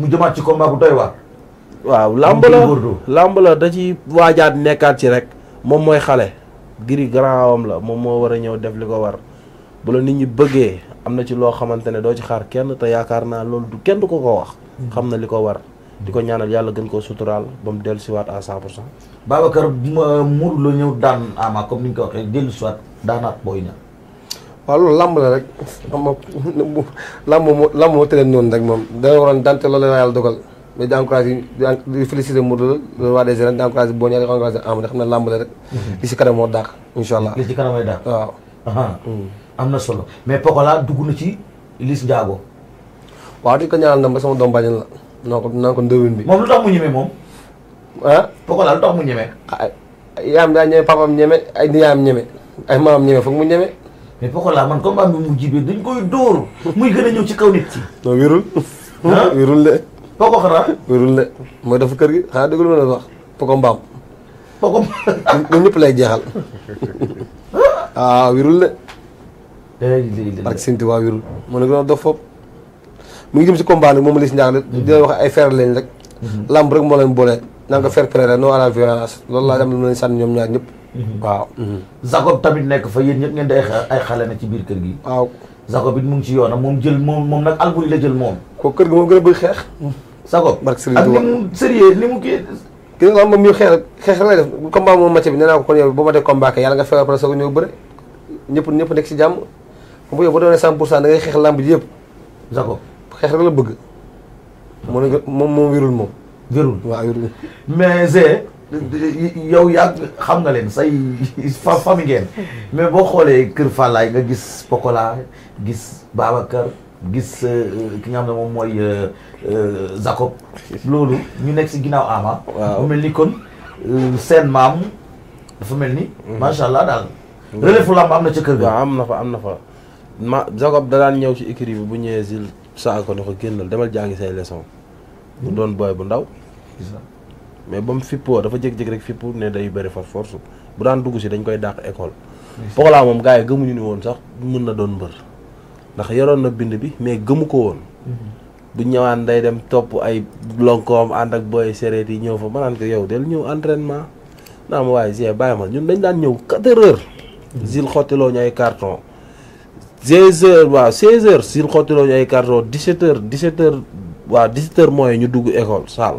mu jëmaat ci combat bu doy waar. waaw làmb la làmb la da ci waajaat nekkaat ci rek moom mooy xale. giri grand homme la moom moo war a ñëw def li ko war bula nit ñi bëggee am na ci loo xamante ne doo ci xaar kenn te yaakaar naa loolu du kenn du ko ko wax. xam na li ko war. di ko ñaanal yàlla gën koo suturaal ba mu dellusiwaat à 100 pour cent. Babacar Modou Lo ñëw daan ama comme ni nga ko waxee dellusiwaat daanaat booy ñaan. waaw loolu làmb la rek ama làmb moo làmb moo tëleen noonu rek moom dana waroon dante loolu la yàlla dogal mais di encouragé di boo ñaari encouragé am da la rek mhm. li ci kanam moo dàq insha allah li ci mm. mais Pokola dugg na ci Liss Ndiago waaw di ko ñaanal ndam ba sama bi moom lu tax mu ñeme moom ah Pokola lu tax mu ñeme yaam daa ñeme papam ay maamam ñeme foog mu ñeme mais pourquoi là man combat bi mu jibe dañ koy dóor muy gën a ñëw ci kaw nit ci non wérul wérul de poko xana wérul de mooy dafa kër gi xanaa déglu ma wax poko mbaam poko ñun ñëpp lay jeexal ah wérul de barke sëñ Tuubaa wérul mu ne gën a dof fop mu ngi jëm si combat nag moom lis ñaar dina wax ay fer lañ rek lamb rek moo leen boole nanga fair play no à la violence loolu laa dem lu leen sànni ñoom ñaar ñëpp Mhm. waaw mhm. Jacob tamit nekk fa yéen ñëpp ngeen di ay xale na ci biir kër gi waaw Jacob it mu ngi ci yoonam moom jël moom moom nag Albouri la jël moom ko kër gi moom gën a bëgg xeex Jacob ak ni mu sérieux ni mu kii ki nga xam moom ñu xeex xeex naa ko kon yow boo ma dee combat yàlla nga feebar pare a ñëpp ñëpp nekk ci jàmm bu yow boo doonee cent pour cent da ngay xeex làmb ji yëpp Jacob xeex rek la bëgg moo moom moom wérul moom wérul waaw wérul mais yow yaa xam nga leen say fa famille ngeen mais boo xoolee Kër Fallaye nga gis Pokola gis Babacar gis euh, euh, ki nga xam ne moom mooy euh, Jacob loolu ñu nekk si ginnaaw Ama. waaw mu mel ni kon seen maam dafa mel ni. Mhm. macha allah daal. Mhm. relève fu lamb am na ca kër ga. waaw am na fa am na fa ma Jacob da daan ñëw ci écrit bi bu ñëwee si saako ne ko génnal demal jàngi say leçon. mu mhm. doon booy bu ndaw. mais ba mu fippoo dafa jékki-jékki rek fippu ne day bëri far force bu daan dugg si dañ koy dàq école. Pokola moom gars yi gëmuñu ni woon sax mun na doon mbër ndax yoroon na bind bi mais gëmu ko woon. Mhm. bu ñëwaan day dem topp ay lonkoom ànd ak booy séeréer yi ñëw fa ma naan ko yow del ñëw entrainement naa ma waaye Zia bàyyi ma ñun dañ daan ñëw 4 mhm. heures. zil xottiloo ñu ay carton. 16 heures waaw 16 heures zil xottiloo ñu ay carton 17 heures 17 heures waaw 17 ñu dugg école saal.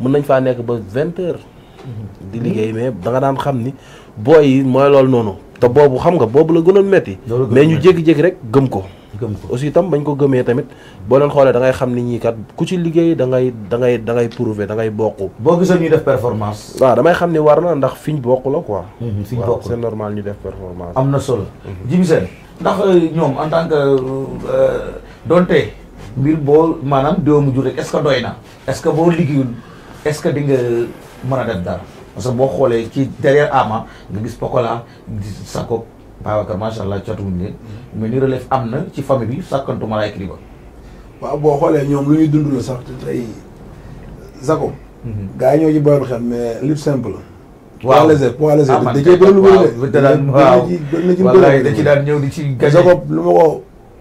mën nañ faa nekk ba vingt heures. Mhm. di liggéey mais da nga daan xam ni booy yi mooy loolu noonu te boobu xam nga boobu la gënoon metti mais ñu jékki-jékki rek gëm ko. gëm aussi itam bañ ko gëmee tamit boo leen xoolee da ngay xam ni ñii kat ku ci liggéey dangay ngay da ngay da ngay prouver ngay bokk. boo gisoon ñuy def performance. waaw damay xam ni war na ndax fiñ bokk la ko mhm, fiñ bokk c'est normal ñu def performance. am na solo. Mhm. Jimmy seen ndax euh, ñoom en tant que euh, euh, donte. mbir boo maanaam doomu jur rek est doy na est-ce que boo liggéeyu est-ce que di nga mën a def dara parce que boo xoolee ci derrière Ama nga gis Pokola di Sakko Babacar macha allah catuwuñ leen mais ni relève am na ci famille bi sàkkantuma laay kiliba waaw boo xoolee ñoom lu ñuy dund la sax mhm. yi ñoo ci boyal xel mais lutte simple la. waaw poids léger poids léger da ci daan ñëw di ci. Sakko lu ma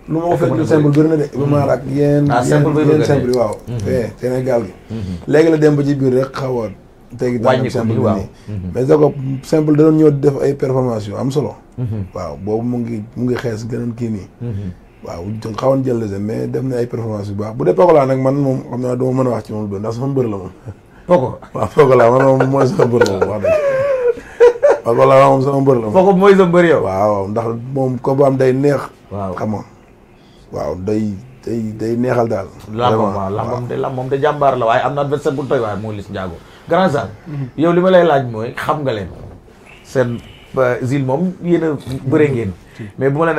lu ma ko fekk lu simple bëri na de. ba maar ak mm-hmm. yéen. ah simple bëri na de simple waaw. Mm-hmm. Eh, Sénégal gi. Mm-hmm. léegi la dem ba ci biir rek xaw a. tegi daanaka simple bi nii mais soo ko simple da doon ñëw def ay performance yu am solo. waaw boobu mu ngi mu ngi xees gënoon kii nii. waaw xawoon jël la mais def na ay performance yu baax bu dee Pogola nag man moom xam naa duma mën a wax ci moom lu bëri ndax sama mbër la moom. Pogo waaw Pogola man moom mooy sama mbër la moom wax dëgg. Pogola moom ndax moom ko am day neex. waaw xam waaw day day day neexal daal. vraiment lambam de lambam de jàmbaar la waaye am na adversaire bu toy waaye mooy Liss Ndiago grand sal mhm. yow li ma lay laaj mooy xam nga leen seen euh, zil moom yéen a bëre ngeen mais bu ma leen